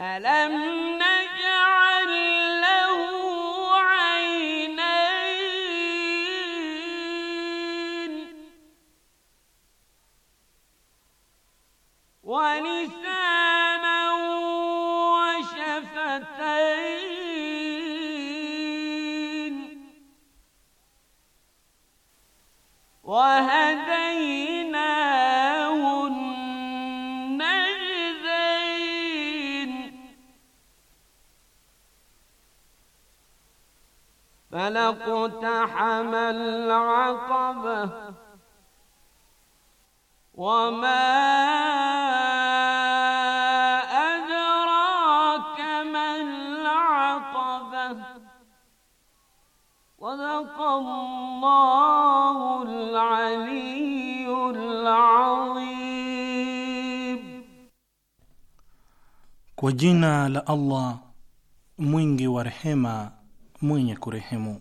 ألم jina la Allah mwingi wa rehema, mwenye kurehemu.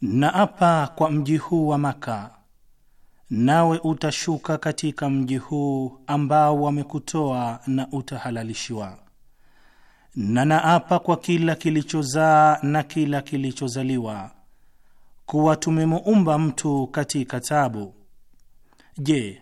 Na kwa mji huu wa Maka, nawe utashuka katika mji huu ambao wamekutoa na utahalalishiwa. Na naapa kwa kila kilichozaa na kila kilichozaliwa kuwa tumemuumba mtu katika tabu. Je,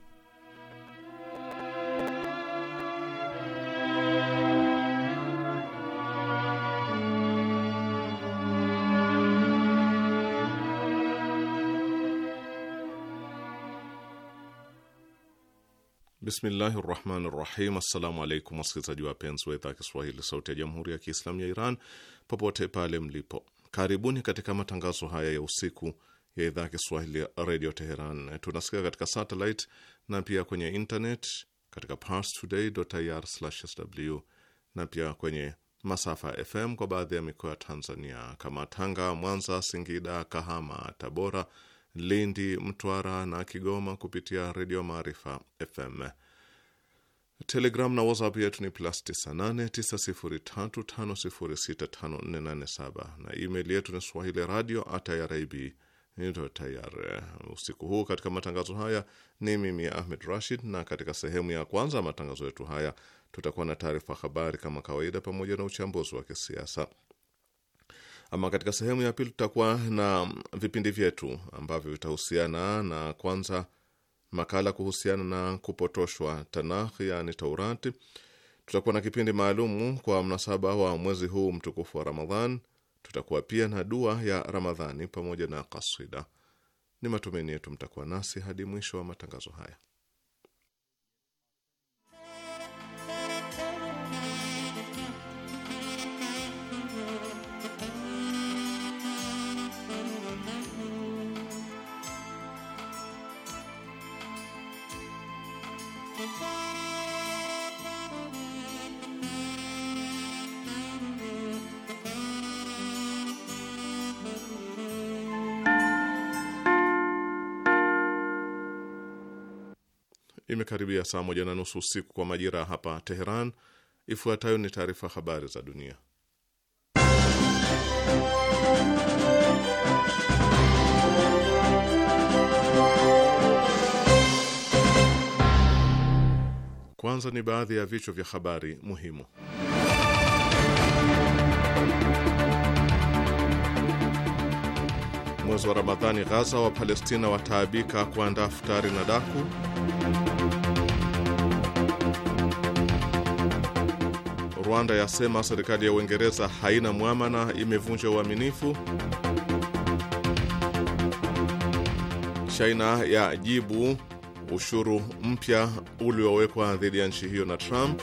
Bismillahi rahmani rahim. Assalamu alaikum wasikilizaji wapenzi wa idhaa ya Kiswahili sauti ya jamhuri ya Kiislamu ya Iran popote pale mlipo, karibuni katika matangazo haya ya usiku ya idhaa Kiswahili ya redio Teheran. tunasikika katika satelit na pia kwenye internet katika parstoday.ir/sw na pia kwenye masafa ya FM kwa baadhi ya mikoa ya Tanzania kama Tanga, Mwanza, Singida, Kahama, Tabora Lindi, Mtwara na Kigoma kupitia Redio Maarifa FM. Telegram na WhatsApp yetu ni plus 989035065487 na email yetu ni swahili radio at irib tayari. Usiku huu katika matangazo haya ni mimi Ahmed Rashid, na katika sehemu ya kwanza ya matangazo yetu haya tutakuwa na taarifa habari kama kawaida, pamoja na uchambuzi wa kisiasa. Ama katika sehemu ya pili tutakuwa na vipindi vyetu ambavyo vitahusiana na kwanza makala kuhusiana na kupotoshwa Tanakh, yaani Taurati. Tutakuwa na kipindi maalumu kwa mnasaba wa mwezi huu mtukufu wa Ramadhan. Tutakuwa pia na dua ya Ramadhani pamoja na kasida. Ni matumaini yetu mtakuwa nasi hadi mwisho wa matangazo haya. Imekaribia saa moja na nusu usiku kwa majira ya hapa Teheran. Ifuatayo ni taarifa habari za dunia. Kwanza ni baadhi ya vichwa vya habari muhimu. Mwezi wa Ramadhani Ghaza, wa Palestina wataabika kuandaa futari na daku. Rwanda yasema serikali ya Uingereza haina mwamana, imevunja uaminifu. China jibu ushuru mpya uliowekwa dhidi ya nchi hiyo na Trump.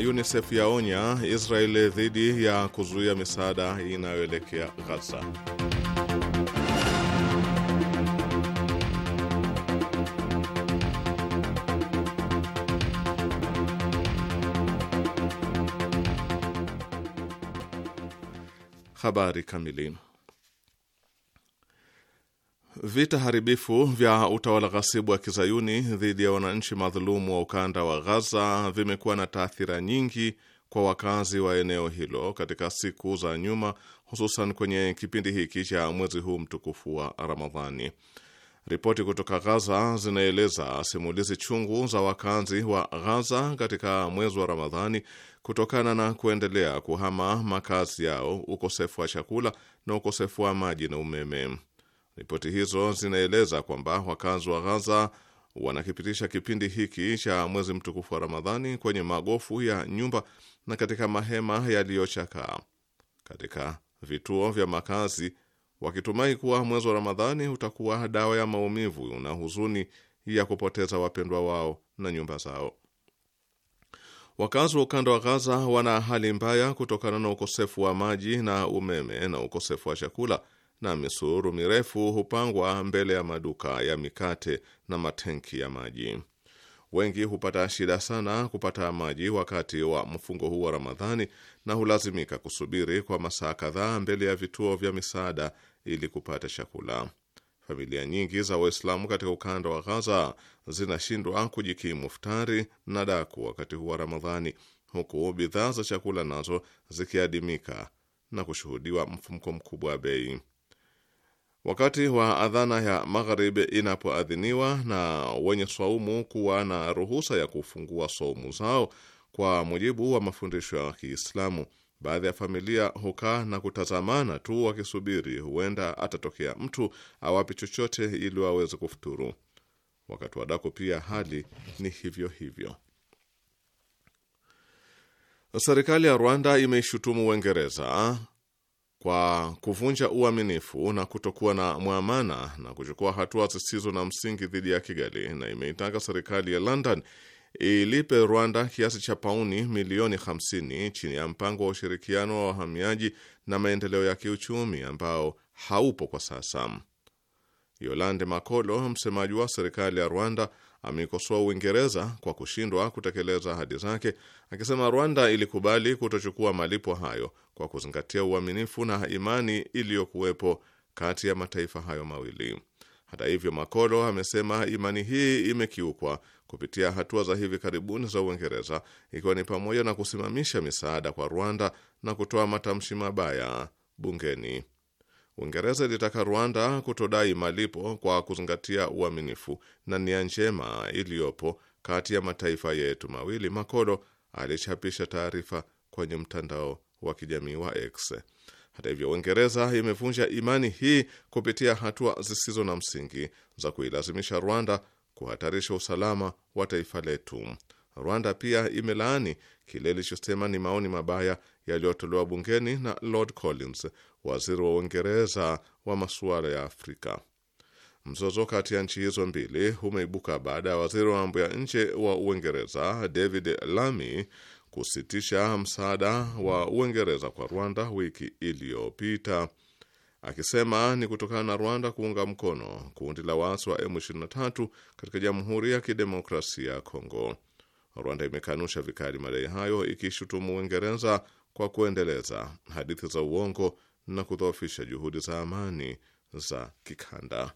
UNICEF yaonya Israeli dhidi ya kuzuia misaada inayoelekea Gaza. Habari kamili. Vita haribifu vya utawala ghasibu wa kizayuni dhidi ya wananchi madhulumu wa ukanda wa Ghaza vimekuwa na taathira nyingi kwa wakazi wa eneo hilo katika siku za nyuma, hususan kwenye kipindi hiki cha mwezi huu mtukufu wa Ramadhani. Ripoti kutoka Ghaza zinaeleza simulizi chungu za wakazi wa Ghaza katika mwezi wa Ramadhani kutokana na kuendelea kuhama makazi yao, ukosefu wa chakula na ukosefu wa maji na umeme. Ripoti hizo zinaeleza kwamba wakazi wa Ghaza wanakipitisha kipindi hiki cha mwezi mtukufu wa Ramadhani kwenye magofu ya nyumba na katika mahema yaliyochakaa katika vituo vya makazi, wakitumai kuwa mwezi wa Ramadhani utakuwa dawa ya maumivu na huzuni ya kupoteza wapendwa wao na nyumba zao. Wakazi wa ukanda wa Gaza wana hali mbaya kutokana na ukosefu wa maji na umeme na ukosefu wa chakula na misururu mirefu hupangwa mbele ya maduka ya mikate na matenki ya maji. Wengi hupata shida sana kupata maji wakati wa mfungo huu wa Ramadhani na hulazimika kusubiri kwa masaa kadhaa mbele ya vituo vya misaada ili kupata chakula. Familia nyingi za Waislamu katika ukanda wa Ghaza zinashindwa kujikimu futari na daku wakati huu wa Ramadhani, huku bidhaa za chakula nazo zikiadimika na kushuhudiwa mfumko mkubwa wa bei. Wakati wa adhana ya magharibi inapoadhiniwa na wenye swaumu kuwa na ruhusa ya kufungua swaumu zao kwa mujibu wa mafundisho ya Kiislamu, baadhi ya familia hukaa na kutazamana tu wakisubiri, huenda atatokea mtu awapi chochote ili waweze kufuturu. Wakati wa daku pia hali ni hivyo hivyo. Serikali ya Rwanda imeishutumu Uingereza kwa kuvunja uaminifu na kutokuwa na mwamana na kuchukua hatua zisizo na msingi dhidi ya Kigali, na imeitaka serikali ya London ilipe Rwanda kiasi cha pauni milioni 50 chini ya mpango wa ushirikiano wa wahamiaji na maendeleo ya kiuchumi ambao haupo kwa sasa. Yolande Makolo, msemaji wa serikali ya Rwanda, ameikosoa Uingereza kwa kushindwa kutekeleza ahadi zake, akisema Rwanda ilikubali kutochukua malipo hayo kwa kuzingatia uaminifu na imani iliyokuwepo kati ya mataifa hayo mawili. Hata hivyo, Makolo amesema imani hii imekiukwa kupitia hatua za hivi karibuni za Uingereza, ikiwa ni pamoja na kusimamisha misaada kwa Rwanda na kutoa matamshi mabaya bungeni. Uingereza ilitaka Rwanda kutodai malipo kwa kuzingatia uaminifu na nia njema iliyopo kati ya mataifa yetu mawili. Makolo alichapisha taarifa kwenye mtandao wa kijamii wa X. Hata hivyo, Uingereza imevunja imani hii kupitia hatua zisizo na msingi za kuilazimisha Rwanda kuhatarisha usalama wa taifa letu. Rwanda pia imelaani kile ilichosema ni maoni mabaya yaliyotolewa bungeni na Lord Collins, waziri wa Uingereza wa masuala ya Afrika. Mzozo kati ya nchi hizo mbili umeibuka baada ya waziri wa mambo ya nje wa Uingereza David Lammy kusitisha msaada wa Uingereza kwa Rwanda wiki iliyopita, akisema ni kutokana na Rwanda kuunga mkono kundi la waasi wa M23 katika Jamhuri ya Kidemokrasia ya Kongo. Rwanda imekanusha vikali madai hayo, ikishutumu Uingereza kwa kuendeleza hadithi za uongo na kudhoofisha juhudi za amani za kikanda.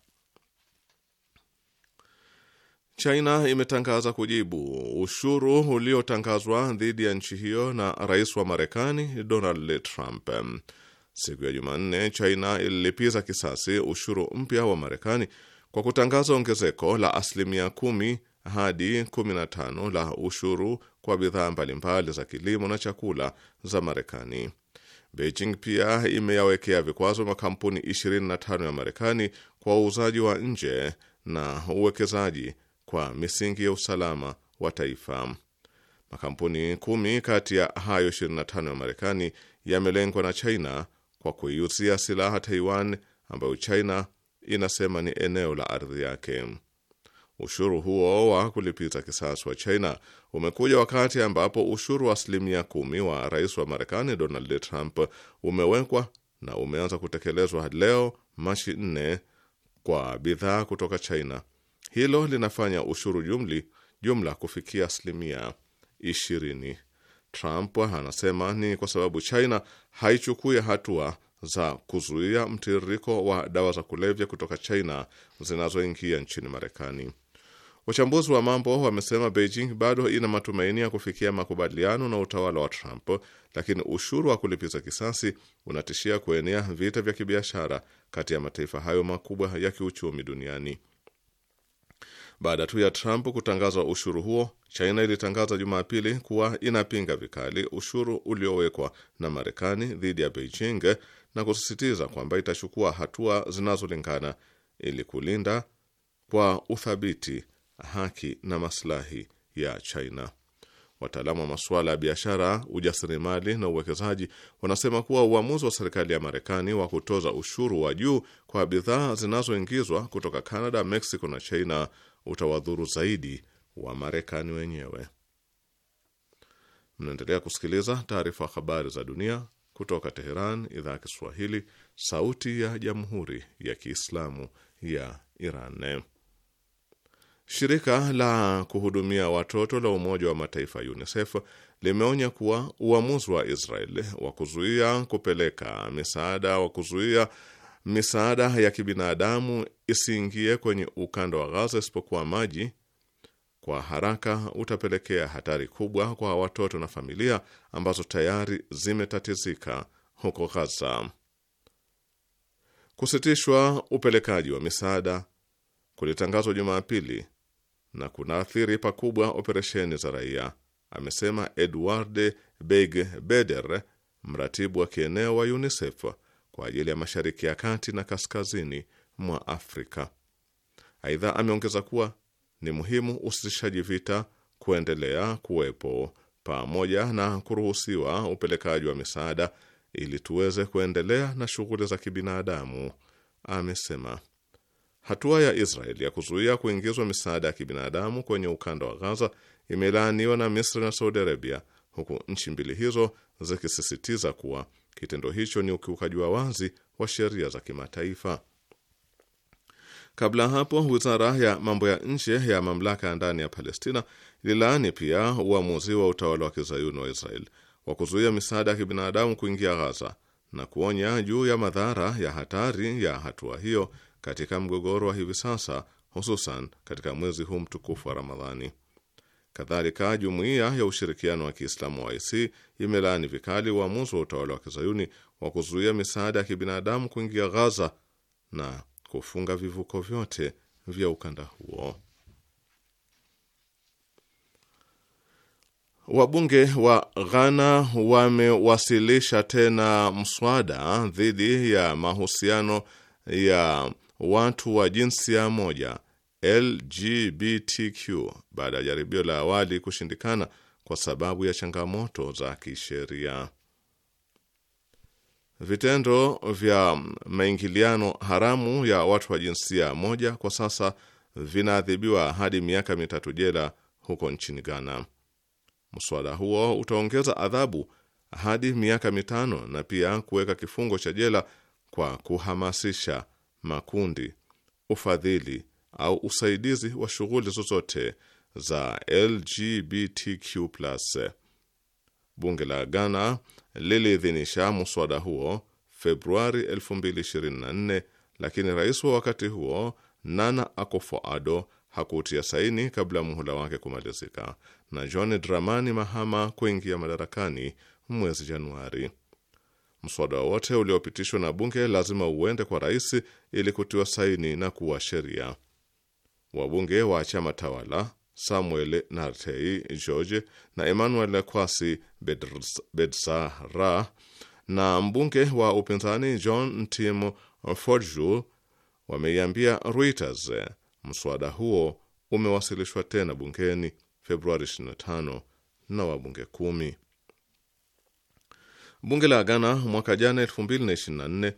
China imetangaza kujibu ushuru uliotangazwa dhidi ya nchi hiyo na rais wa Marekani Donald Trump. Siku ya Jumanne, China ililipiza kisasi ushuru mpya wa Marekani kwa kutangaza ongezeko la asilimia kumi hadi 15 la ushuru kwa bidhaa mbalimbali za kilimo na chakula za Marekani. Beijing pia imeyawekea vikwazo makampuni 25 ya Marekani kwa uuzaji wa nje na uwekezaji kwa misingi ya usalama wa taifa. Makampuni kumi kati ya hayo 25 ya Marekani yamelengwa na China kwa kuiuzia silaha Taiwan ambayo China inasema ni eneo la ardhi yake. Ushuru huo wa kulipiza kisasi wa China umekuja wakati ambapo ushuru wa asilimia kumi wa rais wa Marekani Donald Trump umewekwa na umeanza kutekelezwa leo Machi nne kwa bidhaa kutoka China hilo linafanya ushuru jumli jumla kufikia asilimia ishirini. Trump anasema ni kwa sababu China haichukui hatua za kuzuia mtiririko wa dawa za kulevya kutoka China zinazoingia nchini Marekani. Wachambuzi wa mambo wamesema Beijing bado ina matumaini ya kufikia makubaliano na utawala wa Trump, lakini ushuru wa kulipiza kisasi unatishia kuenea vita vya kibiashara kati ya mataifa hayo makubwa ya kiuchumi duniani. Baada tu ya Trump kutangaza ushuru huo, China ilitangaza Jumapili kuwa inapinga vikali ushuru uliowekwa na Marekani dhidi ya Beijing na kusisitiza kwamba itachukua hatua zinazolingana ili kulinda kwa uthabiti haki na maslahi ya China. Wataalamu wa masuala ya biashara, ujasiriamali na uwekezaji wanasema kuwa uamuzi wa serikali ya Marekani wa kutoza ushuru wa juu kwa bidhaa zinazoingizwa kutoka Canada, Mexico na China utawadhuru zaidi wa Marekani wenyewe. Mnaendelea kusikiliza taarifa habari za dunia kutoka Teheran, idhaa ya Kiswahili, sauti ya jamhuri ya kiislamu ya Iran. Shirika la kuhudumia watoto la Umoja wa Mataifa UNICEF limeonya kuwa uamuzi wa Israel wa kuzuia kupeleka misaada wa kuzuia misaada ya kibinadamu isiingie kwenye ukanda wa Gaza isipokuwa maji, kwa haraka utapelekea hatari kubwa kwa watoto na familia ambazo tayari zimetatizika huko Gaza. Kusitishwa upelekaji wa misaada kulitangazwa Jumapili na kunaathiri pakubwa operesheni za raia, amesema Edward beg beder mratibu wa kieneo wa UNICEF kwa ajili ya mashariki ya kati na kaskazini mwa Afrika. Aidha, ameongeza kuwa ni muhimu usitishaji vita kuendelea kuwepo pamoja na kuruhusiwa upelekaji wa misaada ili tuweze kuendelea na shughuli za kibinadamu. Amesema hatua ya Israeli ya kuzuia kuingizwa misaada ya kibinadamu kwenye ukanda wa Gaza imelaaniwa na Misri na Saudi Arabia, huku nchi mbili hizo zikisisitiza kuwa Kitendo hicho ni ukiukaji wa wazi wa sheria za kimataifa. Kabla hapo, wizara ya mambo ya nje ya mamlaka ya ndani ya Palestina ililaani pia uamuzi wa utawala wa kizayuni wa Israel wa kuzuia misaada ya kibinadamu kuingia Ghaza na kuonya juu ya madhara ya hatari ya hatua hiyo katika mgogoro wa hivi sasa, hususan katika mwezi huu mtukufu wa Ramadhani. Kadhalika, jumuiya ya ushirikiano wa Kiislamu wa OIC imelaani vikali uamuzi wa utawala wa kizayuni wa kuzuia misaada ya kibinadamu kuingia Ghaza na kufunga vivuko vyote vya ukanda huo. Wabunge wa Ghana wamewasilisha tena mswada dhidi ya mahusiano ya watu wa jinsia moja LGBTQ baada ya jaribio la awali kushindikana kwa sababu ya changamoto za kisheria. Vitendo vya maingiliano haramu ya watu wa jinsia moja kwa sasa vinaadhibiwa hadi miaka mitatu jela huko nchini Ghana. Mswada huo utaongeza adhabu hadi miaka mitano na pia kuweka kifungo cha jela kwa kuhamasisha makundi, ufadhili au usaidizi wa shughuli zozote za LGBTQ+. Bunge la Ghana liliidhinisha muswada huo Februari 2024, lakini rais wa wakati huo Nana Akufo-Addo hakutia saini kabla muhula wake kumalizika na John Dramani Mahama kuingia madarakani mwezi Januari. Mswada wowote uliopitishwa na bunge lazima uende kwa rais ili kutiwa saini na kuwa sheria wabunge wa chama tawala Samuel Nartey George na Emmanuel Kwasi Bedsara na mbunge wa upinzani John Tim Forju wameiambia Reuters mswada huo umewasilishwa tena bungeni Februari 25 na wabunge kumi. Bunge la Ghana mwaka jana 2024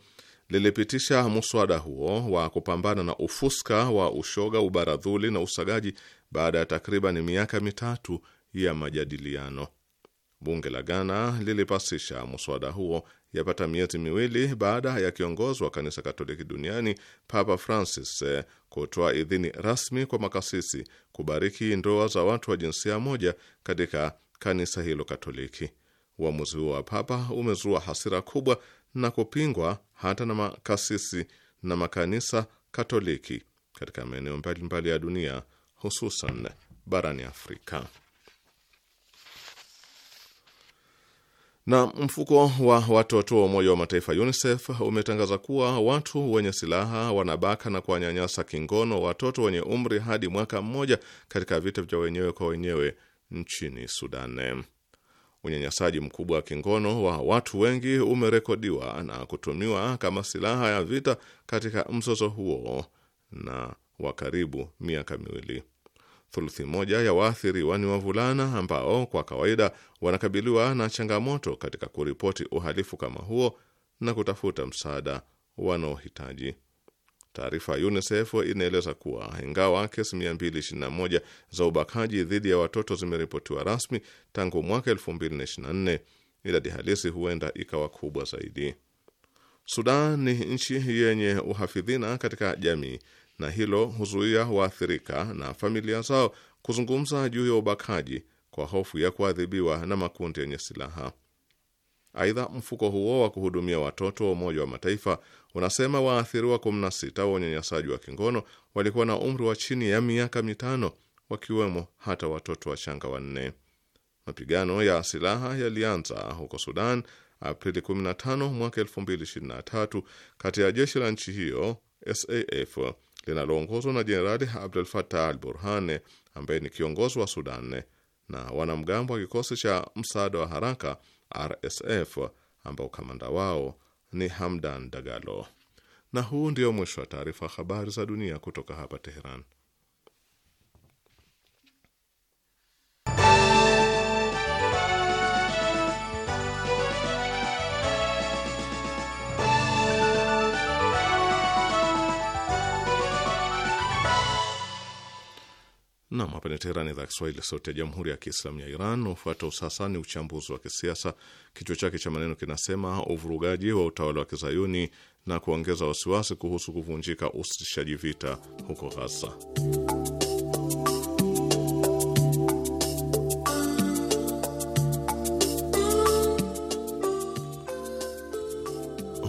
lilipitisha muswada huo wa kupambana na ufuska wa ushoga, ubaradhuli na usagaji baada ya takriban miaka mitatu ya majadiliano. Bunge la Ghana lilipasisha muswada huo yapata miezi miwili baada ya kiongozi wa kanisa Katoliki duniani Papa Francis eh, kutoa idhini rasmi kwa makasisi kubariki ndoa za watu wa jinsia moja katika kanisa hilo Katoliki. Uamuzi huo wa Papa umezua hasira kubwa na kupingwa hata na makasisi na makanisa Katoliki katika maeneo mbalimbali ya dunia hususan barani Afrika. Na mfuko wa watoto wa Umoja wa Mataifa UNICEF umetangaza kuwa watu wenye silaha wanabaka na kuwanyanyasa kingono watoto wenye umri hadi mwaka mmoja katika vita vya wenyewe kwa wenyewe nchini Sudan. Unyanyasaji mkubwa wa kingono wa watu wengi umerekodiwa na kutumiwa kama silaha ya vita katika mzozo huo na wa karibu miaka miwili. Thuluthi moja ya waathiriwa ni wavulana ambao kwa kawaida wanakabiliwa na changamoto katika kuripoti uhalifu kama huo na kutafuta msaada wanaohitaji. Taarifa ya UNICEF inaeleza kuwa ingawa kesi 221 za ubakaji dhidi ya watoto zimeripotiwa rasmi tangu mwaka 2024, idadi halisi huenda ikawa kubwa zaidi. Sudan ni nchi yenye uhafidhina katika jamii na hilo huzuia waathirika na familia zao kuzungumza juu ya ubakaji kwa hofu ya kuadhibiwa na makundi yenye silaha. Aidha, mfuko huo wa kuhudumia watoto wa Umoja wa Mataifa unasema waathiriwa 16 wa unyanyasaji wa kingono walikuwa na umri wa chini ya miaka mitano, wakiwemo hata watoto wachanga wanne. Mapigano ya silaha yalianza huko Sudan Aprili 15 mwaka 2023 kati ya jeshi la nchi hiyo SAF linaloongozwa na Jenerali Abdel Fattah al Burhan ambaye ni kiongozi wa Sudan na wanamgambo wa kikosi cha msaada wa haraka RSF ambao kamanda wao ni Hamdan Dagalo. Na huu ndio mwisho wa taarifa habari za dunia kutoka hapa Teheran. Nam, hapa ni Teherani, idhaa Kiswahili, sauti ya jamhuri ya kiislamu ya Iran. Ufuata usasa ni uchambuzi wa kisiasa, kichwa chake cha maneno kinasema uvurugaji wa utawala wa kizayuni na kuongeza wasiwasi kuhusu kuvunjika usitishaji vita huko Ghaza.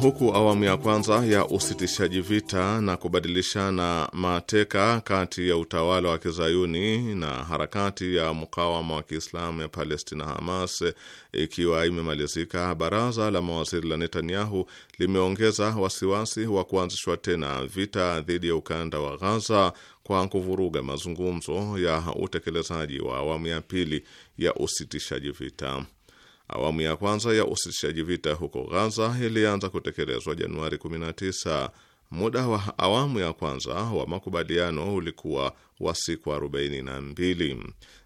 Huku awamu ya kwanza ya usitishaji vita na kubadilishana mateka kati ya utawala wa kizayuni na harakati ya mukawama wa kiislamu ya Palestina, Hamas, ikiwa imemalizika, baraza la mawaziri la Netanyahu limeongeza wasiwasi wa kuanzishwa tena vita dhidi ya ukanda wa Ghaza kwa kuvuruga mazungumzo ya utekelezaji wa awamu ya pili ya usitishaji vita. Awamu ya kwanza ya usitishaji vita huko Ghaza ilianza kutekelezwa Januari 19. Muda wa awamu ya kwanza wa makubaliano ulikuwa wa siku 42.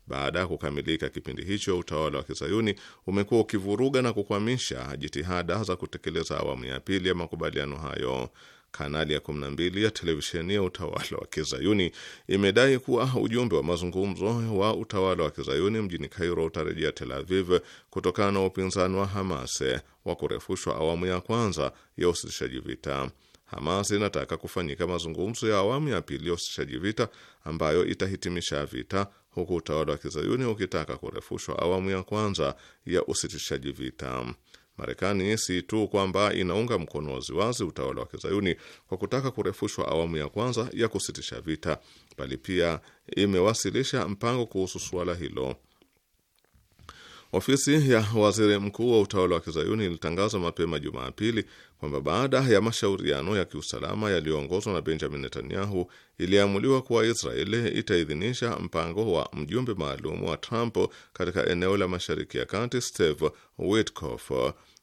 Baada ya kukamilika kipindi hicho, utawala wa kizayuni umekuwa ukivuruga na kukwamisha jitihada za kutekeleza awamu ya pili ya makubaliano hayo. Kanali ya 12 ya televisheni ya utawala wa kizayuni imedai kuwa ujumbe wa mazungumzo wa utawala wa kizayuni mjini Kairo utarejea Tel Aviv kutokana na upinzani wa Hamas wa kurefushwa awamu ya kwanza ya usitishaji vita. Hamas inataka kufanyika mazungumzo ya awamu ya pili ya usitishaji vita ambayo itahitimisha vita, huku utawala wa kizayuni ukitaka kurefushwa awamu ya kwanza ya usitishaji vita. Marekani si tu kwamba inaunga mkono waziwazi utawala wa kizayuni kwa kutaka kurefushwa awamu ya kwanza ya kusitisha vita, bali pia imewasilisha mpango kuhusu suala hilo. Ofisi ya waziri mkuu wa utawala wa kizayuni ilitangaza mapema Jumapili kwamba baada ya mashauriano ya kiusalama yaliyoongozwa na Benjamin Netanyahu iliamuliwa kuwa Israeli itaidhinisha mpango wa mjumbe maalum wa Trump katika eneo la Mashariki ya Kati Steve Witkoff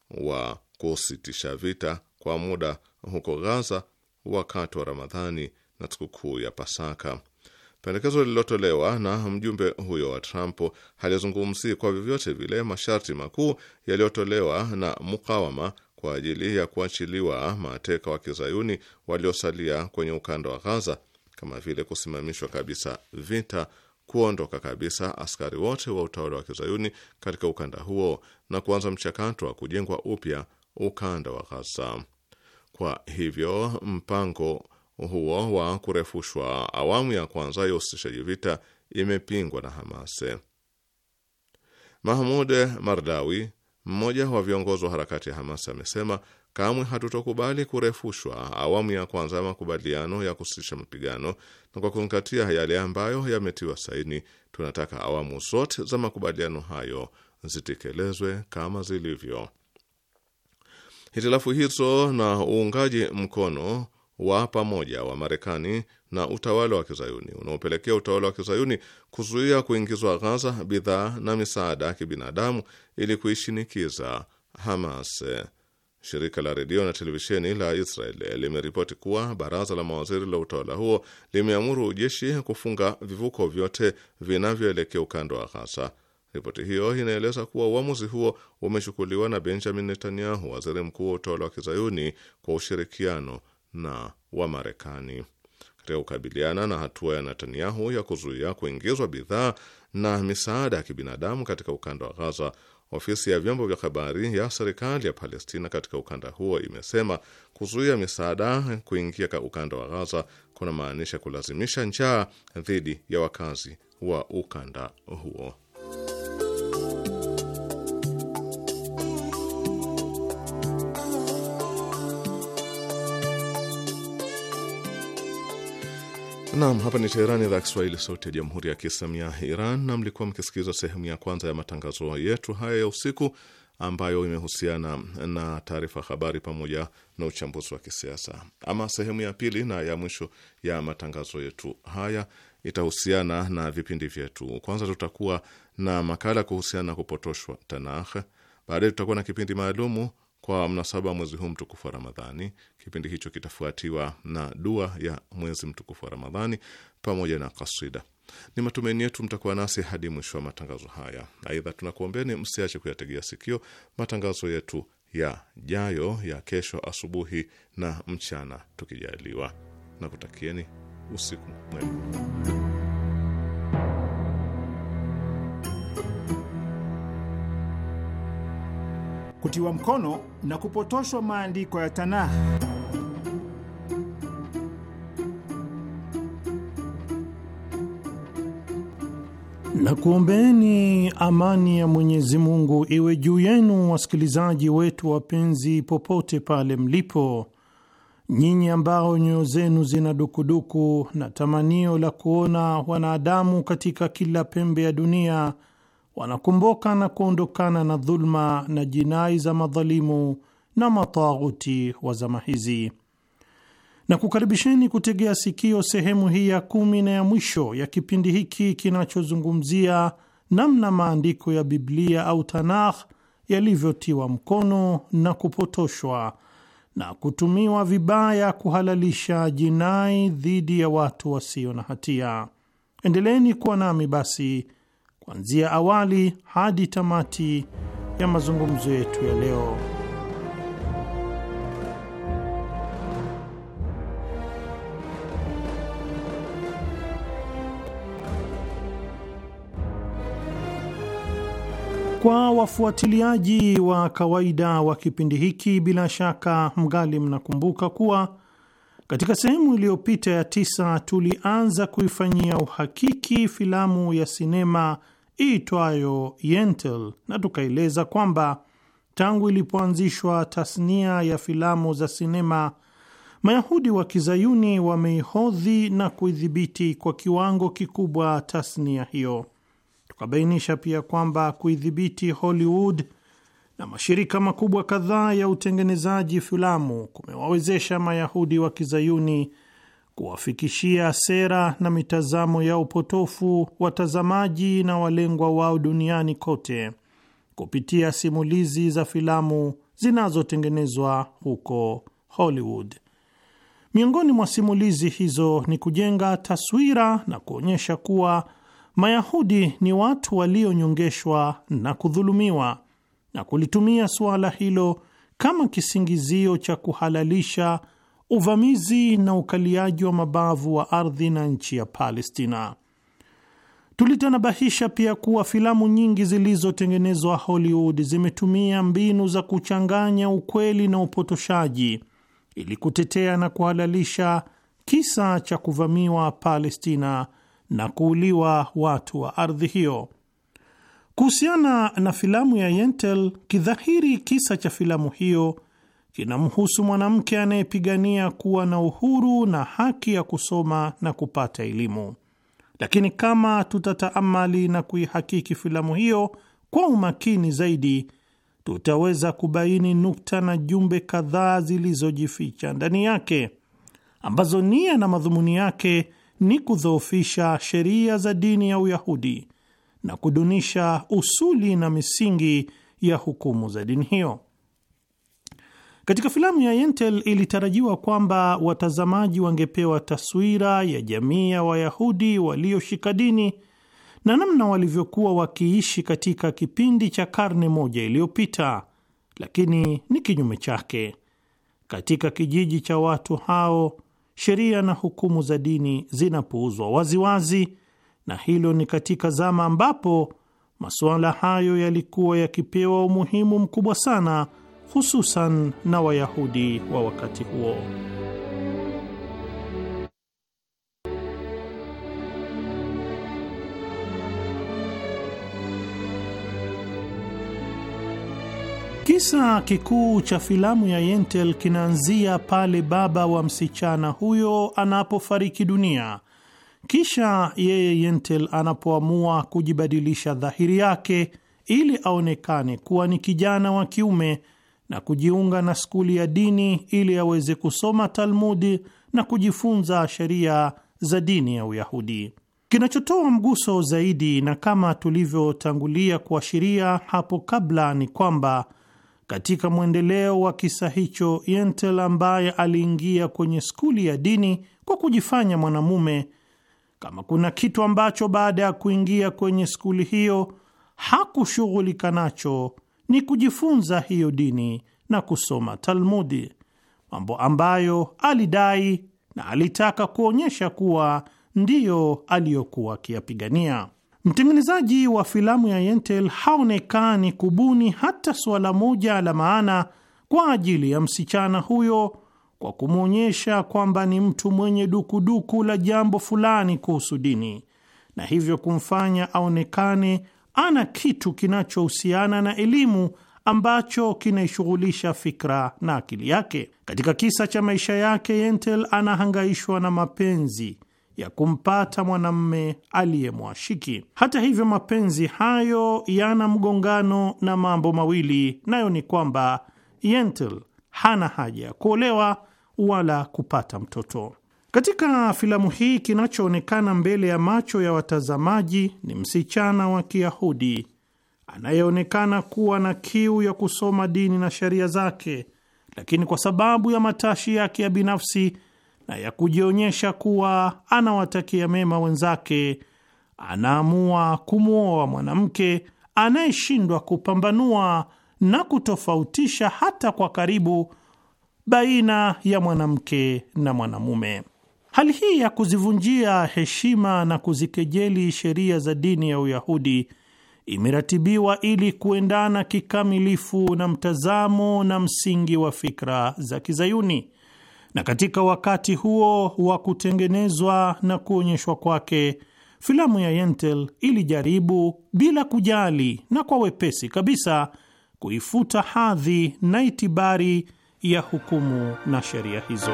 wa kusitisha vita kwa muda huko Gaza wakati wa Ramadhani na sikukuu ya Pasaka. Pendekezo lililotolewa na mjumbe huyo wa Trump halizungumzii kwa vyovyote vile masharti makuu yaliyotolewa na mukawama kwa ajili ya kuachiliwa mateka wa kizayuni waliosalia kwenye ukanda wa Ghaza, kama vile kusimamishwa kabisa vita, kuondoka kabisa askari wote wa utawala wa kizayuni katika ukanda huo na kuanza mchakato wa kujengwa upya ukanda wa Ghaza. Kwa hivyo mpango huo wa kurefushwa awamu ya kwanza ya usitishaji vita imepingwa na Hamas. Mahmud Mardawi mmoja wa viongozi wa harakati ya Hamas amesema kamwe hatutokubali kurefushwa awamu ya kwanza ya makubaliano ya kusitisha mapigano, na kwa kuzingatia yale ambayo yametiwa saini, tunataka awamu zote za makubaliano hayo zitekelezwe kama zilivyo. Hitilafu hizo na uungaji mkono wa pamoja wa Marekani na utawala wa kizayuni unaopelekea utawala wa kizayuni kuzuia kuingizwa Ghaza bidhaa na misaada ya kibinadamu ili kuishinikiza Hamas. Shirika la redio na televisheni la Israel limeripoti kuwa baraza la mawaziri la utawala huo limeamuru jeshi kufunga vivuko vyote vinavyoelekea ukanda wa Ghaza. Ripoti hiyo inaeleza kuwa uamuzi huo umechukuliwa na Benjamin Netanyahu, waziri mkuu wa utawala wa kizayuni, kwa ushirikiano na Wamarekani katika kukabiliana na hatua ya Netanyahu ya kuzuia kuingizwa bidhaa na misaada ya kibinadamu katika ukanda wa Gaza. Ofisi ya vyombo vya habari ya serikali ya Palestina katika ukanda huo imesema kuzuia misaada kuingia ukanda wa Gaza kuna maanisha kulazimisha njaa dhidi ya wakazi wa ukanda huo. Naam, hapa ni Teherani, idhaa ya Kiswahili, sauti ya jamhuri ya kiislamu ya Iran, na mlikuwa mkisikiliza sehemu ya kwanza ya matangazo yetu haya ya usiku ambayo imehusiana na taarifa habari pamoja na uchambuzi wa kisiasa. Ama sehemu ya pili na ya mwisho ya matangazo yetu haya itahusiana na vipindi vyetu. Kwanza tutakuwa na makala kuhusiana na kupotoshwa Tanakh. Baadaye tutakuwa na kipindi maalumu kwa mnasaba mwezi huu mtukufu wa Ramadhani. Kipindi hicho kitafuatiwa na dua ya mwezi mtukufu wa Ramadhani pamoja na kasida. Ni matumaini yetu mtakuwa nasi hadi mwisho wa matangazo haya. Aidha, tunakuombeni msiache kuyategea sikio matangazo yetu ya jayo ya kesho asubuhi na mchana, tukijaliwa na kutakieni usiku mwema. Kutiwa mkono na kupotoshwa maandiko ya Tanakh. na kuombeni amani ya Mwenyezi Mungu iwe juu yenu, wasikilizaji wetu wapenzi, popote pale mlipo, nyinyi ambao nyoyo zenu zina dukuduku na tamanio la kuona wanadamu katika kila pembe ya dunia wanakumboka na kuondokana na dhuluma na jinai za madhalimu na matawuti wa zama hizi na kukaribisheni kutegea sikio sehemu hii ya kumi na ya mwisho ya kipindi hiki kinachozungumzia namna maandiko ya Biblia au Tanakh yalivyotiwa mkono na kupotoshwa na kutumiwa vibaya kuhalalisha jinai dhidi ya watu wasio na hatia. Endeleeni kuwa nami basi kuanzia awali hadi tamati ya mazungumzo yetu ya leo. Kwa wafuatiliaji wa kawaida wa kipindi hiki, bila shaka mgali mnakumbuka kuwa katika sehemu iliyopita ya tisa tulianza kuifanyia uhakiki filamu ya sinema iitwayo Yentl na tukaeleza kwamba tangu ilipoanzishwa tasnia ya filamu za sinema, Mayahudi wa Kizayuni wameihodhi na kuidhibiti kwa kiwango kikubwa tasnia hiyo. Tukabainisha pia kwamba kuidhibiti Hollywood na mashirika makubwa kadhaa ya utengenezaji filamu kumewawezesha Mayahudi wa kizayuni kuwafikishia sera na mitazamo ya upotofu watazamaji na walengwa wao duniani kote kupitia simulizi za filamu zinazotengenezwa huko Hollywood. Miongoni mwa simulizi hizo ni kujenga taswira na kuonyesha kuwa Mayahudi ni watu walionyongeshwa na kudhulumiwa, na kulitumia suala hilo kama kisingizio cha kuhalalisha uvamizi na ukaliaji wa mabavu wa ardhi na nchi ya Palestina. Tulitanabahisha pia kuwa filamu nyingi zilizotengenezwa Hollywood zimetumia mbinu za kuchanganya ukweli na upotoshaji ili kutetea na kuhalalisha kisa cha kuvamiwa Palestina na kuuliwa watu wa ardhi hiyo. Kuhusiana na filamu ya Yentel, kidhahiri kisa cha filamu hiyo kinamhusu mwanamke anayepigania kuwa na uhuru na haki ya kusoma na kupata elimu, lakini kama tutataamali na kuihakiki filamu hiyo kwa umakini zaidi, tutaweza kubaini nukta na jumbe kadhaa zilizojificha ndani yake ambazo nia na madhumuni yake ni kudhoofisha sheria za dini ya Uyahudi na kudunisha usuli na misingi ya hukumu za dini hiyo. Katika filamu ya Yentel ilitarajiwa kwamba watazamaji wangepewa taswira ya jamii ya Wayahudi walioshika dini na namna walivyokuwa wakiishi katika kipindi cha karne moja iliyopita, lakini ni kinyume chake. Katika kijiji cha watu hao sheria na hukumu za dini zinapuuzwa waziwazi, na hilo ni katika zama ambapo masuala hayo yalikuwa yakipewa umuhimu mkubwa sana, hususan na Wayahudi wa wakati huo. Kisa kikuu cha filamu ya Yentel kinaanzia pale baba wa msichana huyo anapofariki dunia, kisha yeye Yentel anapoamua kujibadilisha dhahiri yake ili aonekane kuwa ni kijana wa kiume na kujiunga na skuli ya dini ili aweze kusoma Talmudi na kujifunza sheria za dini ya Uyahudi. Kinachotoa mguso zaidi, na kama tulivyotangulia kuashiria hapo kabla, ni kwamba katika mwendeleo wa kisa hicho, Yentel ambaye aliingia kwenye skuli ya dini kwa kujifanya mwanamume, kama kuna kitu ambacho baada ya kuingia kwenye skuli hiyo hakushughulika nacho ni kujifunza hiyo dini na kusoma Talmudi, mambo ambayo alidai na alitaka kuonyesha kuwa ndiyo aliyokuwa akiyapigania. Mtengenezaji wa filamu ya Yentel haonekani kubuni hata suala moja la maana kwa ajili ya msichana huyo kwa kumwonyesha kwamba ni mtu mwenye dukuduku la jambo fulani kuhusu dini na hivyo kumfanya aonekane ana kitu kinachohusiana na elimu ambacho kinaishughulisha fikra na akili yake. Katika kisa cha maisha yake, Yentel anahangaishwa na mapenzi ya kumpata mwanamme aliyemwashiki. Hata hivyo, mapenzi hayo yana mgongano na mambo mawili, nayo ni kwamba Yentl hana haja ya kuolewa wala kupata mtoto. Katika filamu hii kinachoonekana mbele ya macho ya watazamaji ni msichana wa Kiyahudi anayeonekana kuwa na kiu ya kusoma dini na sheria zake, lakini kwa sababu ya matashi yake ya binafsi na ya kujionyesha kuwa anawatakia mema wenzake, anaamua kumwoa mwanamke anayeshindwa kupambanua na kutofautisha hata kwa karibu baina ya mwanamke na mwanamume. Hali hii ya kuzivunjia heshima na kuzikejeli sheria za dini ya Uyahudi imeratibiwa ili kuendana kikamilifu na mtazamo na msingi wa fikra za Kizayuni na katika wakati huo wa kutengenezwa na kuonyeshwa kwake, filamu ya Yentel ilijaribu bila kujali na kwa wepesi kabisa kuifuta hadhi na itibari ya hukumu na sheria hizo.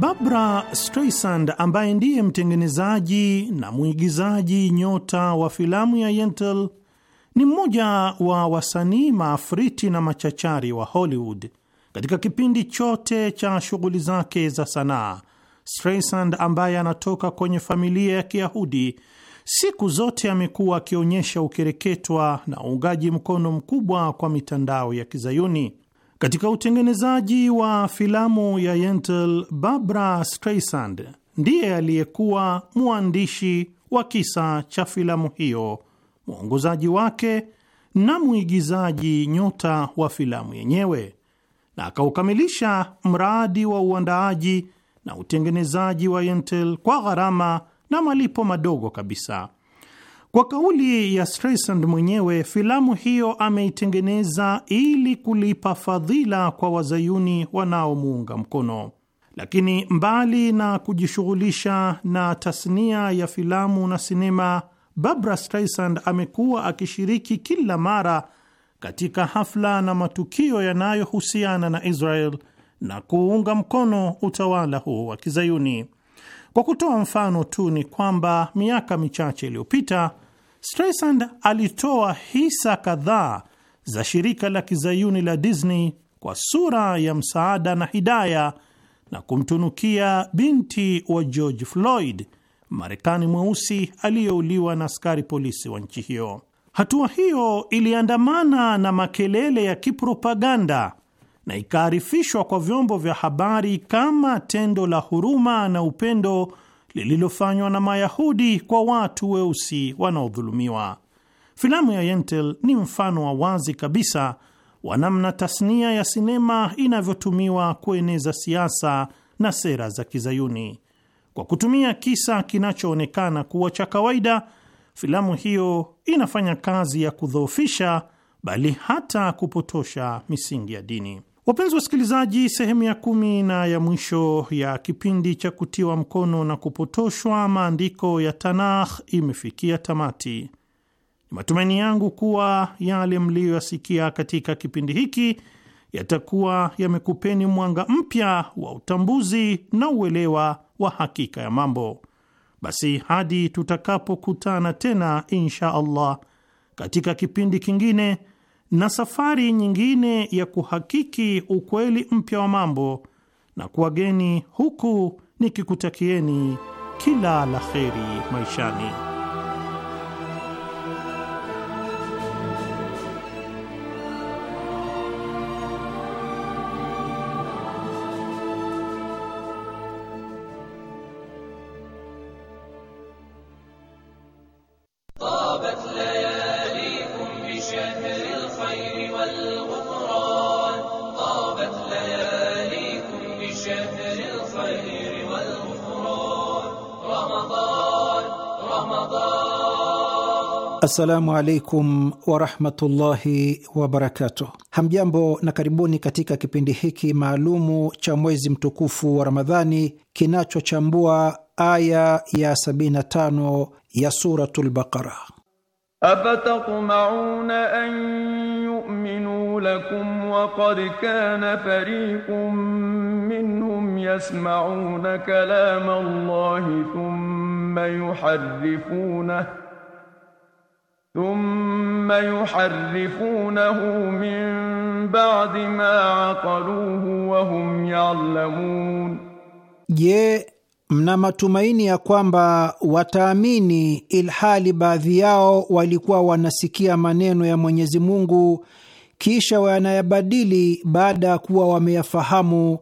Barbra Streisand ambaye ndiye mtengenezaji na mwigizaji nyota wa filamu ya Yentl ni mmoja wa wasanii maafriti na machachari wa Hollywood. Katika kipindi chote cha shughuli zake za sanaa, Streisand ambaye anatoka kwenye familia ya Kiyahudi, siku zote amekuwa akionyesha ukereketwa na uungaji mkono mkubwa kwa mitandao ya Kizayuni. Katika utengenezaji wa filamu ya Yentel, barbara Streisand ndiye aliyekuwa mwandishi wa kisa cha filamu hiyo, mwongozaji wake na mwigizaji nyota wa filamu yenyewe, na akaukamilisha mradi wa uandaaji na utengenezaji wa Yentel kwa gharama na malipo madogo kabisa. Kwa kauli ya Streisand mwenyewe, filamu hiyo ameitengeneza ili kulipa fadhila kwa wazayuni wanaomuunga mkono. Lakini mbali na kujishughulisha na tasnia ya filamu na sinema, babra Streisand amekuwa akishiriki kila mara katika hafla na matukio yanayohusiana na Israel na kuunga mkono utawala huo wa Kizayuni. Kwa kutoa mfano tu ni kwamba miaka michache iliyopita Streisand alitoa hisa kadhaa za shirika la kizayuni la Disney kwa sura ya msaada na hidaya na kumtunukia binti wa George Floyd, Marekani mweusi aliyeuliwa na askari polisi wa nchi hiyo. Hatua hiyo iliandamana na makelele ya kipropaganda na ikaarifishwa kwa vyombo vya habari kama tendo la huruma na upendo lililofanywa na Mayahudi kwa watu weusi wanaodhulumiwa. Filamu ya Yentel ni mfano wa wazi kabisa wa namna tasnia ya sinema inavyotumiwa kueneza siasa na sera za Kizayuni kwa kutumia kisa kinachoonekana kuwa cha kawaida. Filamu hiyo inafanya kazi ya kudhoofisha, bali hata kupotosha misingi ya dini. Wapenzi wasikilizaji, sehemu ya kumi na ya mwisho ya kipindi cha kutiwa mkono na kupotoshwa maandiko ya Tanakh imefikia tamati. Ni matumaini yangu kuwa yale mliyoyasikia katika kipindi hiki yatakuwa yamekupeni mwanga mpya wa utambuzi na uelewa wa hakika ya mambo. Basi hadi tutakapokutana tena, insha Allah, katika kipindi kingine na safari nyingine ya kuhakiki ukweli mpya wa mambo na kuwageni huku nikikutakieni kila la kheri maishani. Assalamu alaikum warahmatullahi wabarakatuh. Hamjambo na karibuni katika kipindi hiki maalumu cha mwezi mtukufu wa Ramadhani kinachochambua aya ya 75 ya Suratul Baqara. Afatatma'una an yu'minu lakum wa qad kana fariqun minhum yasma'una kalama Allahi thumma yuharrifunahu thumma yuharrifunahu min ba'di ma aqaluhu wa hum je, mna matumaini ya kwamba wataamini ilhali baadhi yao walikuwa wanasikia maneno ya Mwenyezi Mungu kisha wanayabadili baada ya kuwa wameyafahamu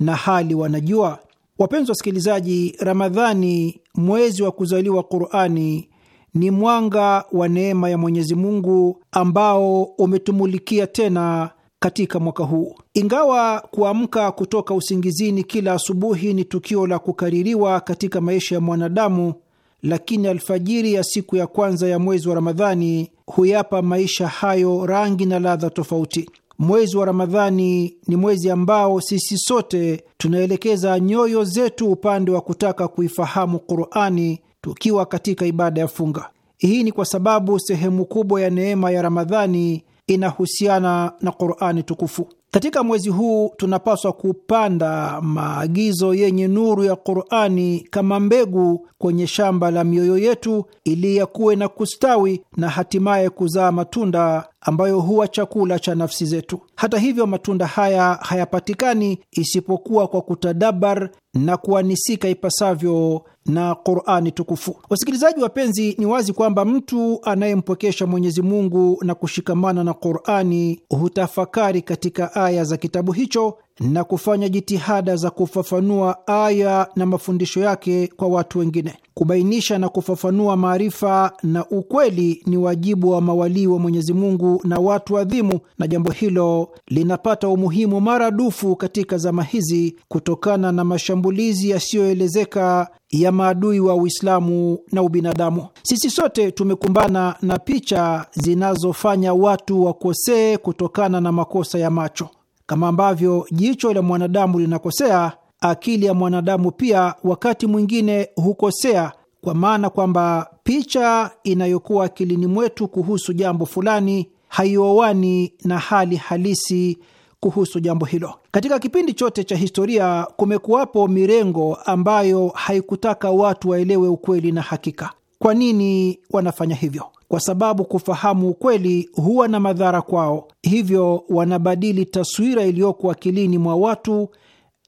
na hali wanajua? Wapenzi wasikilizaji, Ramadhani, mwezi wa kuzaliwa Qur'ani ni mwanga wa neema ya Mwenyezi Mungu ambao umetumulikia tena katika mwaka huu. Ingawa kuamka kutoka usingizini kila asubuhi ni tukio la kukaririwa katika maisha ya mwanadamu, lakini alfajiri ya siku ya kwanza ya mwezi wa Ramadhani huyapa maisha hayo rangi na ladha tofauti. Mwezi wa Ramadhani ni mwezi ambao sisi sote tunaelekeza nyoyo zetu upande wa kutaka kuifahamu Qurani tukiwa katika ibada ya funga. Hii ni kwa sababu sehemu kubwa ya neema ya Ramadhani inahusiana na Qur'ani tukufu. Katika mwezi huu tunapaswa kupanda maagizo yenye nuru ya Qur'ani kama mbegu kwenye shamba la mioyo yetu ili yakuwe na kustawi na hatimaye kuzaa matunda ambayo huwa chakula cha nafsi zetu. Hata hivyo, matunda haya hayapatikani isipokuwa kwa kutadabar na kuanisika ipasavyo na Qur'ani tukufu. Wasikilizaji wapenzi, ni wazi kwamba mtu anayempwekesha Mwenyezi Mungu na kushikamana na Qur'ani hutafakari katika aya za kitabu hicho na kufanya jitihada za kufafanua aya na mafundisho yake kwa watu wengine. Kubainisha na kufafanua maarifa na ukweli ni wajibu wa mawalii wa Mwenyezi Mungu na watu adhimu, na jambo hilo linapata umuhimu maradufu katika zama hizi kutokana na mashambulizi yasiyoelezeka ya maadui wa Uislamu na ubinadamu. Sisi sote tumekumbana na picha zinazofanya watu wakosee kutokana na makosa ya macho. Kama ambavyo jicho la mwanadamu linakosea, akili ya mwanadamu pia wakati mwingine hukosea, kwa maana kwamba picha inayokuwa akilini mwetu kuhusu jambo fulani haioani na hali halisi kuhusu jambo hilo. Katika kipindi chote cha historia kumekuwapo mirengo ambayo haikutaka watu waelewe ukweli na hakika. Kwa nini wanafanya hivyo? kwa sababu kufahamu ukweli huwa na madhara kwao, hivyo wanabadili taswira iliyoko akilini mwa watu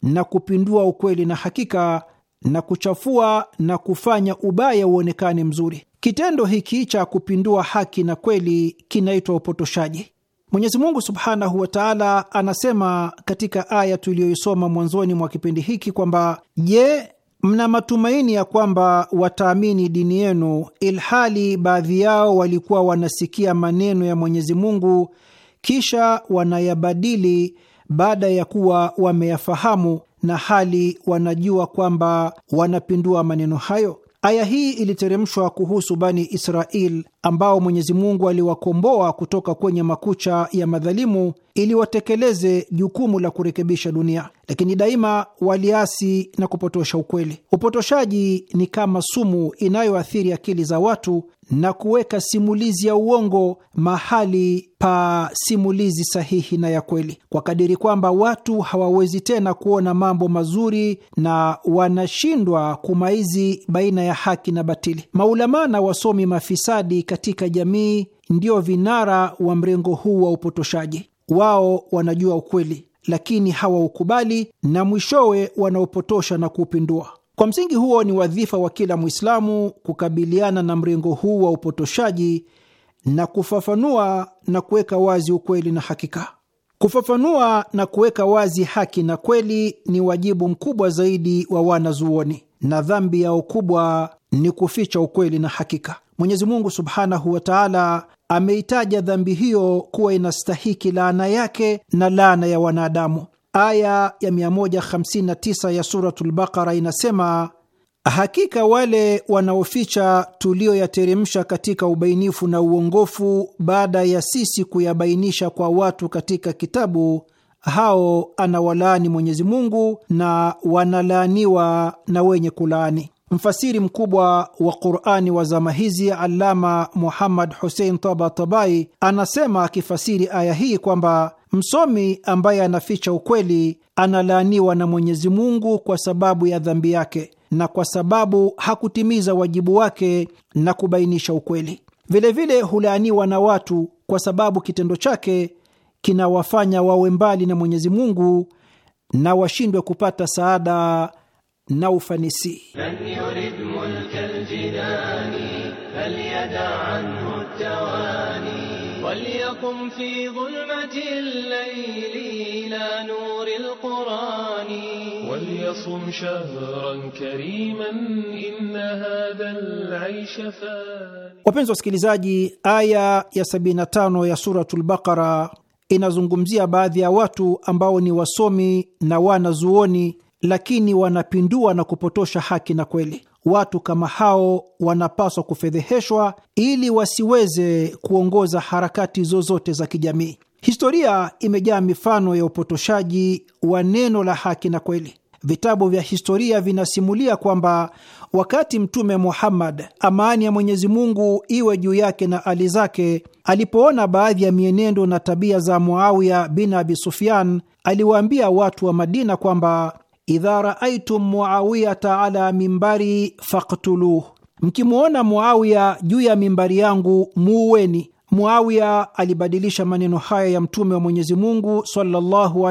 na kupindua ukweli na hakika na kuchafua na kufanya ubaya uonekane mzuri. Kitendo hiki cha kupindua haki na kweli kinaitwa upotoshaji. Mwenyezi Mungu subhanahu wa taala anasema katika aya tuliyoisoma mwanzoni mwa kipindi hiki kwamba je, mna matumaini ya kwamba wataamini dini yenu, ilhali baadhi yao walikuwa wanasikia maneno ya Mwenyezi Mungu kisha wanayabadili baada ya kuwa wameyafahamu, na hali wanajua kwamba wanapindua maneno hayo. Aya hii iliteremshwa kuhusu Bani israel ambao Mwenyezi Mungu aliwakomboa kutoka kwenye makucha ya madhalimu ili watekeleze jukumu la kurekebisha dunia, lakini daima waliasi na kupotosha ukweli. Upotoshaji ni kama sumu inayoathiri akili za watu na kuweka simulizi ya uongo mahali pa simulizi sahihi na ya kweli, kwa kadiri kwamba watu hawawezi tena kuona mambo mazuri na wanashindwa kumaizi baina ya haki na batili. Maulamaa na wasomi mafisadi katika jamii ndio vinara wa mrengo huu wa upotoshaji. Wao wanajua ukweli, lakini hawaukubali na mwishowe wanaopotosha na kuupindua. Kwa msingi huo, ni wadhifa wa kila Mwislamu kukabiliana na mrengo huu wa upotoshaji na kufafanua na kuweka wazi ukweli na hakika. Kufafanua na kuweka wazi haki na kweli ni wajibu mkubwa zaidi wa wanazuoni, na dhambi yao kubwa ni kuficha ukweli na hakika. Mwenyezi Mungu subhanahu wa taala ameitaja dhambi hiyo kuwa inastahiki laana yake na laana ya wanadamu. Aya ya 159 ya Suratul Baqara inasema, hakika wale wanaoficha tuliyoyateremsha katika ubainifu na uongofu baada ya sisi kuyabainisha kwa watu katika kitabu, hao anawalaani Mwenyezi Mungu na wanalaaniwa na wenye kulaani. Mfasiri mkubwa wa Qurani wa zama hizi alama Muhammad Husein Tabatabai anasema akifasiri aya hii kwamba msomi ambaye anaficha ukweli analaaniwa na Mwenyezi Mungu kwa sababu ya dhambi yake na kwa sababu hakutimiza wajibu wake na kubainisha ukweli. Vilevile hulaaniwa na watu kwa sababu kitendo chake kinawafanya wawe mbali na Mwenyezi Mungu na washindwe kupata saada na ufanisi. Wapenzi wasikilizaji, aya ya 75 ya Suratul Baqara inazungumzia baadhi ya watu ambao ni wasomi na wanazuoni lakini wanapindua na kupotosha haki na kweli. Watu kama hao wanapaswa kufedheheshwa ili wasiweze kuongoza harakati zozote za kijamii. Historia imejaa mifano ya upotoshaji wa neno la haki na kweli. Vitabu vya historia vinasimulia kwamba wakati Mtume Muhammad, amani ya Mwenyezi Mungu iwe juu yake na ali zake, alipoona baadhi ya mienendo na tabia za Muawiya bin Abi Sufyan, aliwaambia watu wa Madina kwamba idha raaitum muawiyata ala mimbari faktuluh, mkimwona Muawiya juu ya mimbari yangu muuweni. Muawiya alibadilisha maneno haya ya Mtume wa Mwenyezi Mungu sallallahu wa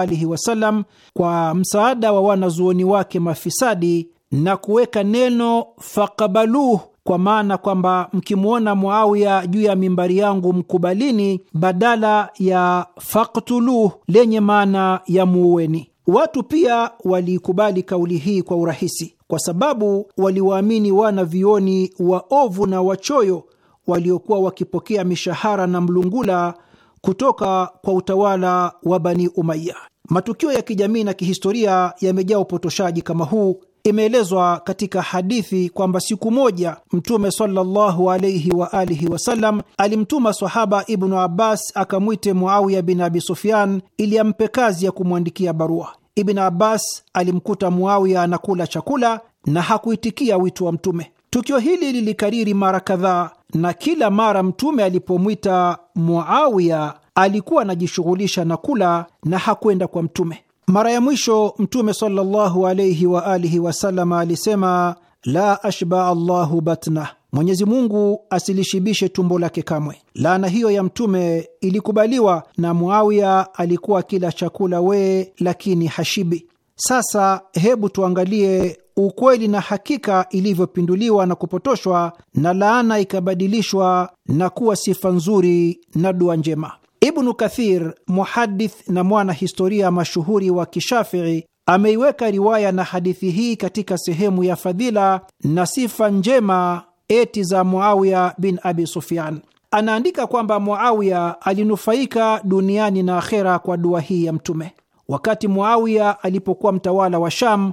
alihi wasallam kwa msaada wa wanazuoni wake mafisadi na kuweka neno fakabaluh kwa maana kwamba mkimwona Muawiya juu ya mimbari yangu mkubalini, badala ya faktuluh lenye maana ya muuweni. Watu pia waliikubali kauli hii kwa urahisi, kwa sababu waliwaamini wana vioni waovu na wachoyo waliokuwa wakipokea mishahara na mlungula kutoka kwa utawala wa Bani Umaya. Matukio ya kijamii na kihistoria yamejaa upotoshaji kama huu Imeelezwa katika hadithi kwamba siku moja Mtume sallallahu alaihi wa alihi wasallam alimtuma sahaba Ibnu Abbas akamwite Muawiya bin Abi Sufyan ili ampe kazi ya kumwandikia barua. Ibnu Abbas alimkuta Muawiya anakula chakula na hakuitikia wito wa Mtume. Tukio hili lilikariri mara kadhaa, na kila mara Mtume alipomwita Muawiya alikuwa anajishughulisha na kula na hakwenda kwa Mtume. Mara ya mwisho Mtume sallallahu alaihi wa alihi wasalama alisema, la ashba Allahu batna, Mwenyezi Mungu asilishibishe tumbo lake kamwe. Laana hiyo ya Mtume ilikubaliwa na Muawiya, alikuwa kila chakula wee, lakini hashibi. Sasa hebu tuangalie ukweli na hakika ilivyopinduliwa na kupotoshwa na laana ikabadilishwa na kuwa sifa nzuri na dua njema. Ibnu Kathir, muhadith na mwana historia mashuhuri wa Kishafii, ameiweka riwaya na hadithi hii katika sehemu ya fadhila na sifa njema eti za Muawiya bin Abi Sufyan. Anaandika kwamba Muawiya alinufaika duniani na akhera kwa dua hii ya Mtume. Wakati Muawiya alipokuwa mtawala wa Sham,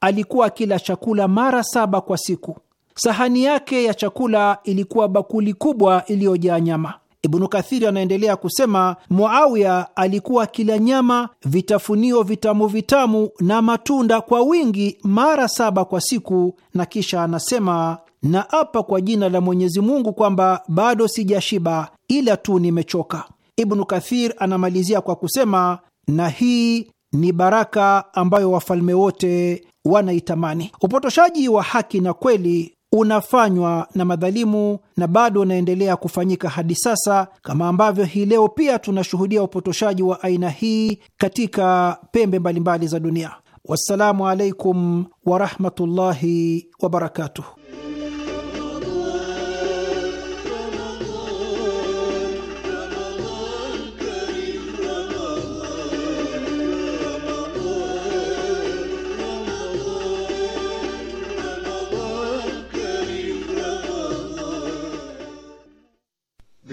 alikuwa akila chakula mara saba kwa siku. Sahani yake ya chakula ilikuwa bakuli kubwa iliyojaa nyama. Ibnu Kathiri anaendelea kusema, Muawiya alikuwa kila nyama, vitafunio vitamu vitamu na matunda kwa wingi mara saba kwa siku, na kisha anasema na apa kwa jina la Mwenyezi Mungu kwamba bado sijashiba ila tu nimechoka. Ibnu Kathir anamalizia kwa kusema, na hii ni baraka ambayo wafalme wote wanaitamani. Upotoshaji wa haki na kweli unafanywa na madhalimu na bado unaendelea kufanyika hadi sasa, kama ambavyo hii leo pia tunashuhudia upotoshaji wa aina hii katika pembe mbalimbali za dunia. Wassalamu alaikum warahmatullahi wabarakatuh.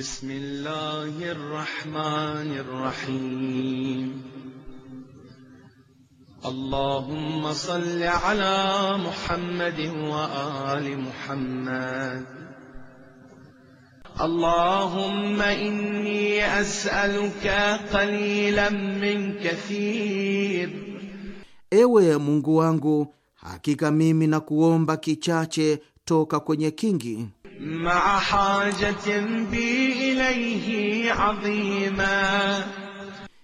بسم الله الرحمن الرحيم اللهم صل على محمد وآل محمد اللهم إني أسألك قليلا من كثير Ewe Mungu wangu, hakika mimi nakuomba kichache toka kwenye kingi. مع حاجة بي إليه adhima,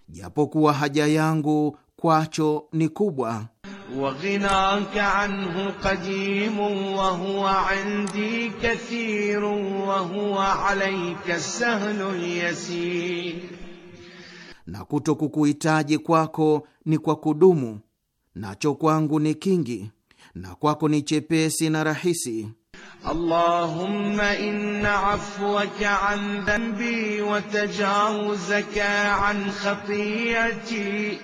japokuwa haja yangu kwacho ni kubwa. Wa anhu qadim wa huwa indi kathir wa huwa alayka yasir, na kuto kukuhitaji kwako ni kwa kudumu, nacho kwangu ni kingi, na kwako ni chepesi na rahisi. اللهم إن عفوك عن ذنبي وتجاوزك عن خطيئتي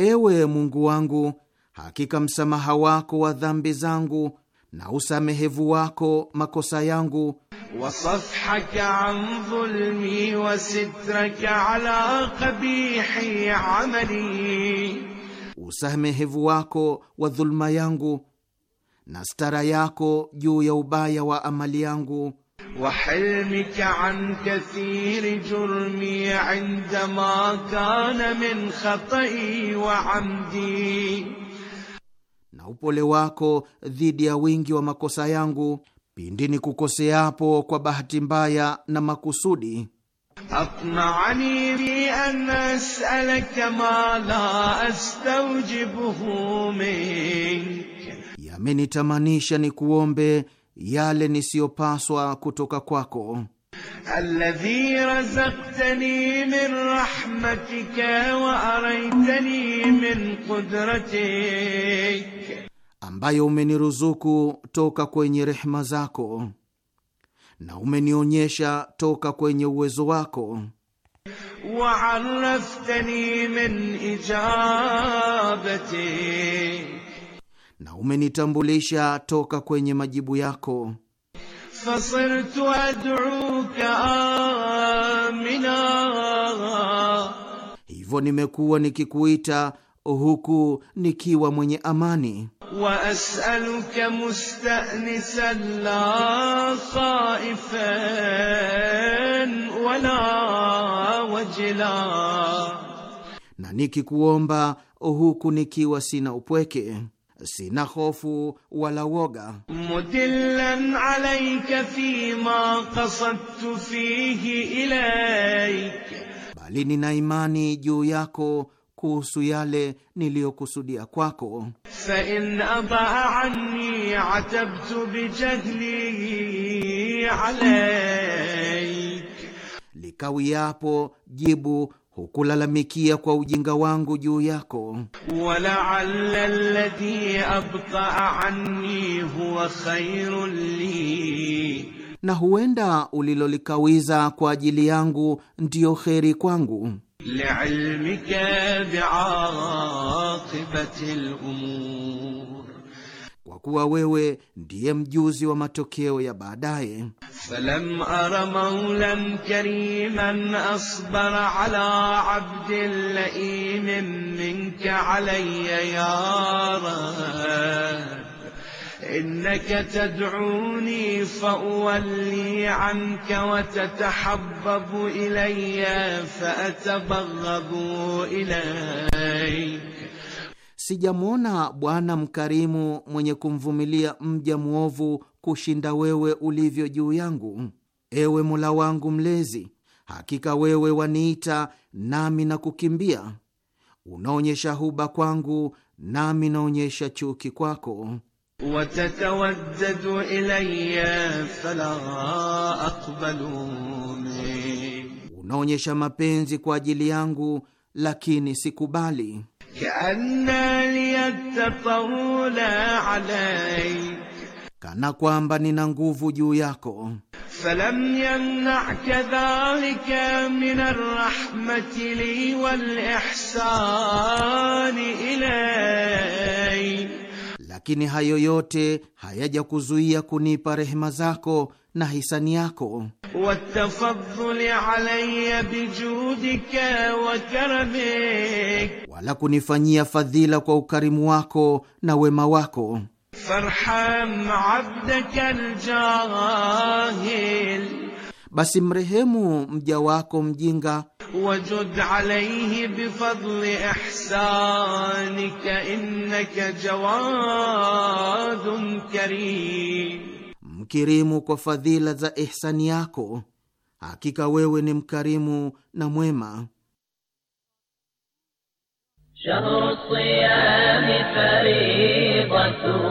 Ewe Mungu wangu, hakika msamaha wako wa dhambi zangu na usamehevu wako makosa yangu, wasafhaka an dhulmi wa sitraka ala qabihi amali, usamehevu wako wa dhulma yangu na stara yako juu ya ubaya wa amali yangu wa hilmika an kathiri jurmi inda ma kana min khatai wa amdi, na upole wako dhidi ya wingi wa makosa yangu pindi ni kukoseapo kwa bahati mbaya na makusudi. Atma'ani bi an as'alaka ma la astawjibuhu min yamenitamanisha nikuombe yale nisiyopaswa kutoka kwako. Alladhi min rahmatika wa min qudratik, ambayo umeniruzuku toka kwenye rehma zako na umenionyesha toka kwenye uwezo wako. Wa min umenitambulisha toka kwenye majibu yako. hivyo nimekuwa nikikuita huku nikiwa mwenye amani. na nikikuomba huku nikiwa sina upweke sina hofu wala woga. mudillan alayka qasadtu fihi ilayk, bali nina imani juu yako kuhusu yale niliyokusudia kwako. fain anni atabtu bijahli alayk, likawiyapo jibu hukulalamikia kwa ujinga wangu juu yako. alladhi anni huwa khairun li, na huenda ulilolikawiza kwa ajili yangu ndiyo kheri kwangu. liilmika biaqibati lumur kuwa wewe ndiye mjuzi wa matokeo ya baadaye. falam ara maulan kariman asbara ala abdin laimin minka alaya ya rab tad'uni fa uwalli anka wa tatahabbabu ilayya fa atabaghadu إليك sijamwona Bwana mkarimu mwenye kumvumilia mja mwovu kushinda wewe ulivyo juu yangu. Ewe Mola wangu Mlezi, hakika wewe waniita nami na kukimbia, unaonyesha huba kwangu nami naonyesha chuki kwako. watatawajjadu ilayya fala aqbalu unaonyesha mapenzi kwa ajili yangu, lakini sikubali. kana kwamba nina nguvu juu yako. falam yamnaka dhalika min arrahmati li walihsani ilay lakini hayo yote hayajakuzuia kunipa rehema zako na hisani yako wala kunifanyia fadhila kwa ukarimu wako na wema wako Farham abdaka aljahil basi mrehemu mja wako mjinga. wajud alayhi bifadli ihsanika innaka jawadun karim, mkirimu kwa fadhila za ihsani yako, hakika wewe ni mkarimu na mwema. shahru siyami faridatun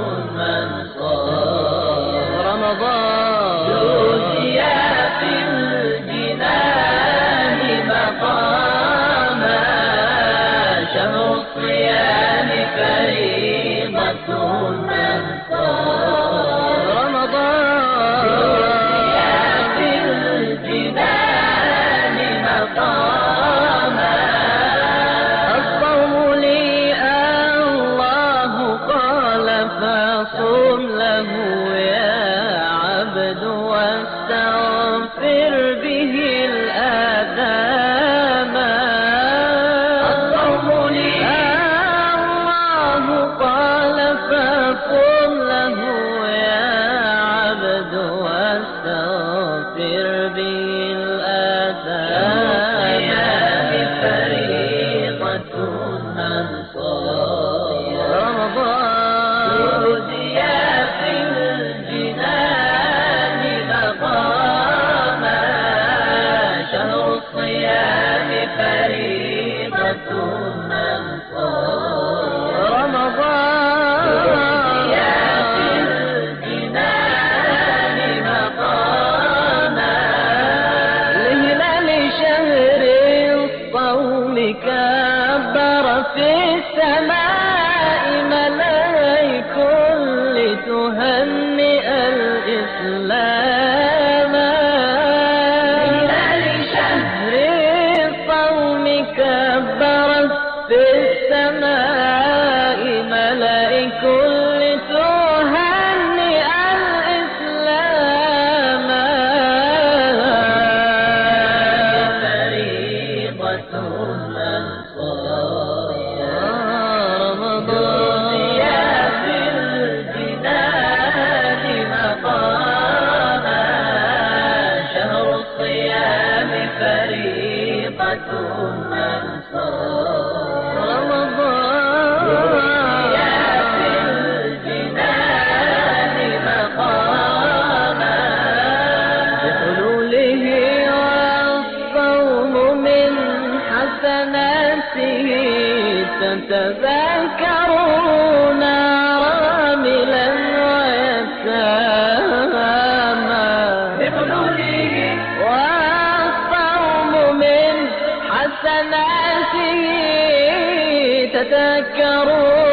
تتذكرون